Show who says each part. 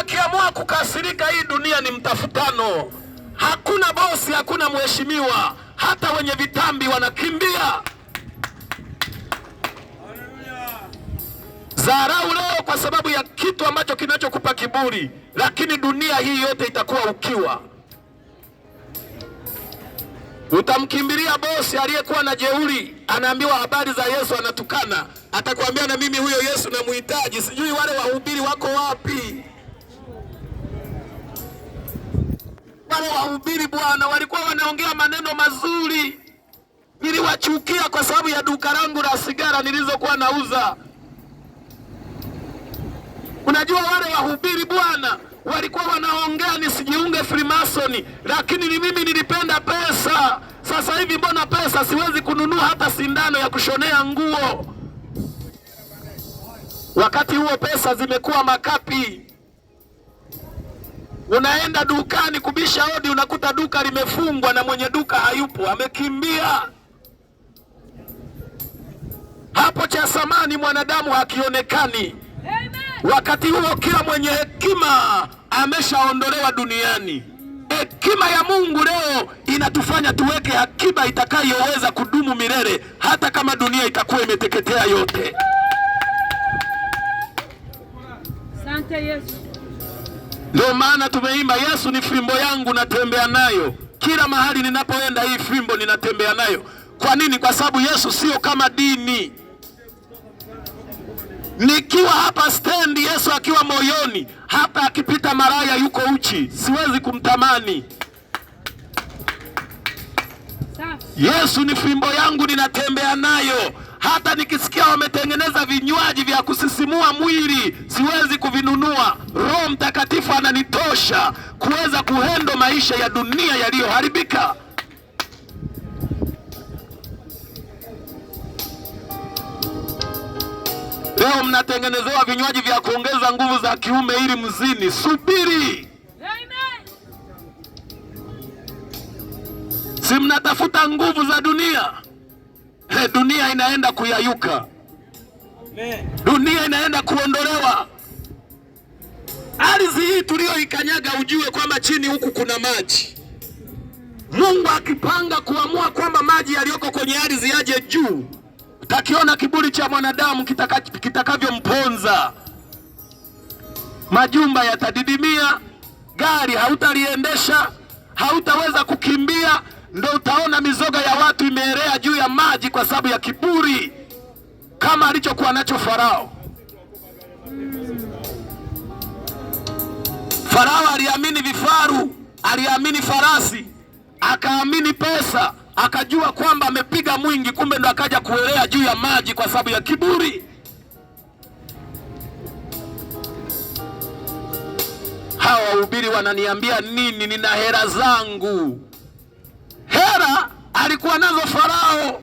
Speaker 1: akiamua kukasirika, hii dunia ni mtafutano. Hakuna bosi, hakuna mheshimiwa, hata wenye vitambi wanakimbia. Dharau leo kwa sababu ya kitu ambacho kinachokupa kiburi, lakini dunia hii yote itakuwa ukiwa. Utamkimbilia bosi aliyekuwa na jeuri, anaambiwa habari za Yesu, anatukana, atakwambia na mimi huyo Yesu namhitaji, sijui wale wahubiri wako wapi? ambao wahubiri bwana, walikuwa wanaongea maneno mazuri, niliwachukia kwa sababu ya duka langu la sigara nilizokuwa nauza. Unajua wale wahubiri bwana, walikuwa wanaongea nisijiunge Freemason, lakini ni mimi nilipenda pesa. Sasa hivi mbona pesa siwezi kununua hata sindano ya kushonea nguo? Wakati huo pesa zimekuwa makapi. Unaenda dukani kubisha hodi, unakuta duka limefungwa na mwenye duka hayupo, amekimbia. Hapo cha samani mwanadamu hakionekani. Wakati huo kila mwenye hekima ameshaondolewa duniani. Hekima ya Mungu leo inatufanya tuweke akiba itakayoweza kudumu milele, hata kama dunia itakuwa imeteketea yote.
Speaker 2: Asante Yesu.
Speaker 1: Ndio maana tumeimba Yesu ni fimbo yangu natembea nayo, kila mahali ninapoenda hii fimbo ninatembea nayo. Kwa nini? Kwa sababu Yesu sio kama dini. Nikiwa hapa stendi, Yesu akiwa moyoni, hata akipita maraya yuko uchi, siwezi kumtamani. Yesu ni fimbo yangu ninatembea hata nikisikia wametengeneza vinywaji vya kusisimua mwili siwezi kuvinunua. Roho Mtakatifu ananitosha kuweza kuhendo maisha ya dunia yaliyoharibika. Leo mnatengenezewa vinywaji vya kuongeza nguvu za kiume ili mzini. Subiri, si mnatafuta nguvu za dunia? He, dunia inaenda kuyayuka, dunia inaenda kuondolewa. Ardhi hii tuliyoikanyaga, ujue kwamba chini huku kuna maji. Mungu akipanga kuamua kwamba maji yaliyoko kwenye ardhi yaje juu, takiona kiburi cha mwanadamu kitaka majumba yatadidimia, gari hautaliendesha, hautaweza kukimbia ndo utaona mizoga ya watu imeelea juu ya maji kwa sababu ya kiburi kama alichokuwa nacho Farao. Farao aliamini vifaru, aliamini farasi, akaamini pesa, akajua kwamba amepiga mwingi, kumbe ndo akaja kuelea juu ya maji kwa sababu ya kiburi. Hawa wahubiri wananiambia nini? Nina hera zangu alikuwa nazo Farao.